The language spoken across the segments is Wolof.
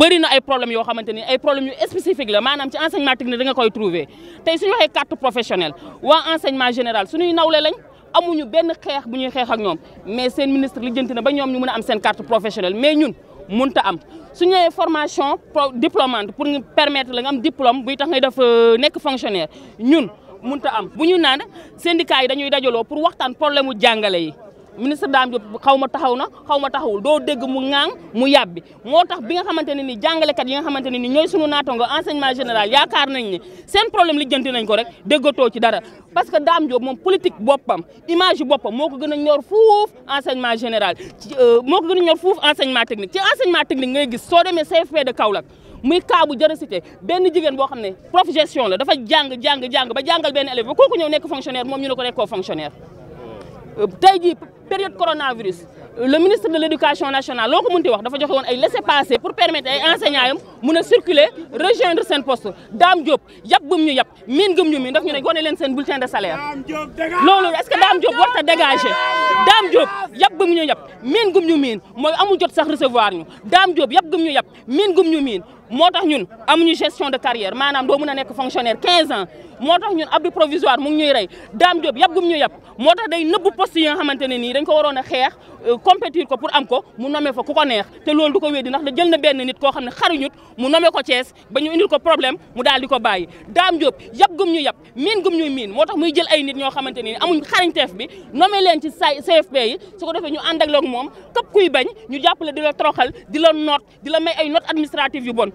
barina ay problèmes yoo xamante ni ay problèmes yu spécifique la maanaam ci enseignement technique da nga koy trouver tey suñu waxee carte professionnelle waa enseignement général suñuy nawle lañ amuñu benn xeex bu ñuy xeex ak ñoom mais seen ministre lijjanti na ba ñoom ñu mun a am seen carte professionnelle mais ñun mënta am suñu nee formation pro diplômante pour ñu permettre la nga am diplôme buy tax ngay def euh, nekk fonctionnaire ñun mënta am bu ñu naan syndicat yi dañuy dajaloo pour waxtaan problème mu jàngale yi. ministre d'am Diop xawma taxawna xawma taxawul do deg mu ngang mu yabbi motax bi nga xamanteni ni ni kat yi nga xamanteni ne ni ñooy sunu naatango enseignement général yaakaar nañ ni seen problème lijjanti nañ ko rek deggoto ci dara parce que d'am Diop mom politique bopam image bopam moko gëna ñor fouf enseignement général euh, moko gëna ñor fouf enseignement technique ci enseignement technique ngay gis so demee CFP de Kaolack muy cas bu jërë cité benn jigéen boo xam ne prof gestion la dafa jang jang jang ba jangal ben élève ba kooku ñëw nekk fonctionnaire mom ñu ne ko fonctionnaire euh, tay ji période coronavirus le ministre de l'Éducation nationale loo ko munti wax dafa joxe ay laisser passer pour permettre aux enseignants de circuler rejoindre son poste Dame Diop yap gum ñu yab min gum ñu min, daf ñu ne gone leen seen bulletin de salaire loolu est ce que Dame Diop war dégager Dame Diop yab gum ñu yab gum ñu min, mooy amul jot sax recevoir ñu Dame Diop yab gum ñu yab gum ñu min motax ñun amuñu gestion de carrière manam do mëna nek fonctionnaire 15 ans motax ñun abri provisoire mu ñuy ray dam job yab gum ñu yab motax day nëbbu poste yi nga xamante ni dañ ko warona xex euh, compétir ko pour am ko mu nommé fa kuko neex té loolu duko ko nak la jël na benn nit ko xamné xaruñut mu nommé ko ties bañu ñu indil ko problème mu dal diko bayyi dam job Diop gum ñu yab min gum ñuy min motax muy jël ay nit ño xamante ne nii amuñ xarañteef bi nommé len ci say CFP yi su ko défé ñu ànd ak loog moom képp kuy bañ ñu jappalé dila troxal dila note dila may ay note administrative yu bon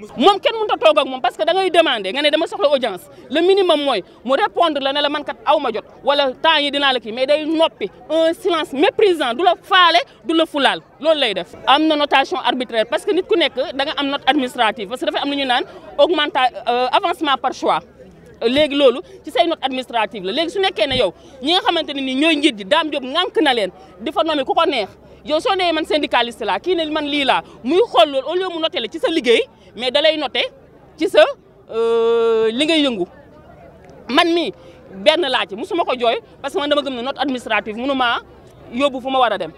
moom kenn mënut a toog ak moom parce que da ngay demander nga ne dama soxla audience le minimum mooy mu répondre la ne la man kat aw ma jot wala temps yi dinaa la kii mais day noppi un silence méprisant du la faale du la fulaal loolu lay def. am na notation arbitraire parce que nit ku nekk da nga am note administrative parce que dafa am lu ñu naan augmenta euh, avancement par choix. léegi loolu ci say note administrative la léegi su nekkee ne yow ñi nga xamante ne nii ñooy njiit ji Dame Diop ŋànk na leen fa nommé ku ko neex yow soo nee man syndicaliste laa man lii laa muy xool loolu au lieu mu ci sa liggéey. mais dalay note ci sa euh, li ngay yëngu man mi benn laa ci mu ko jooy parce que man dama gëm na note administrative mënu maa yóbbu fu ma war a dem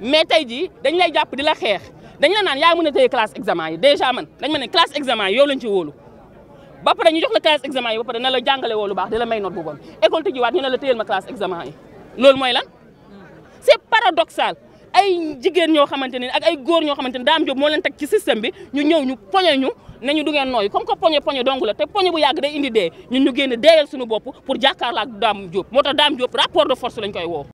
mais tey jii dañ lay jàpp di la xeex dañ la naan yaa mën ne téye classe examen yi déjà man dañ ma ne classe examen yi yow lañ ci ba pare ñu jox la classe examen yi ba pare na la jàngale woo lu baax di la may note bu bon école tëjiwaat ñu ne la téyel ma classe examen yi loolu mooy lan c'est paradoxal ay jigéen ñoo xamante ne ak ay góor ñoo xamante ne Dame moo leen teg ci système bi ñu ñëw ñu poñe ñu nañu du ngeen nooyu comme que poñe poñe dong la te poñe bu yàgg de indi dee ñun ñu génn deeyal suñu bopp pour jàkkaarloo ak Dame Diop moo tax Dame Diop rapport de force lañ koy woo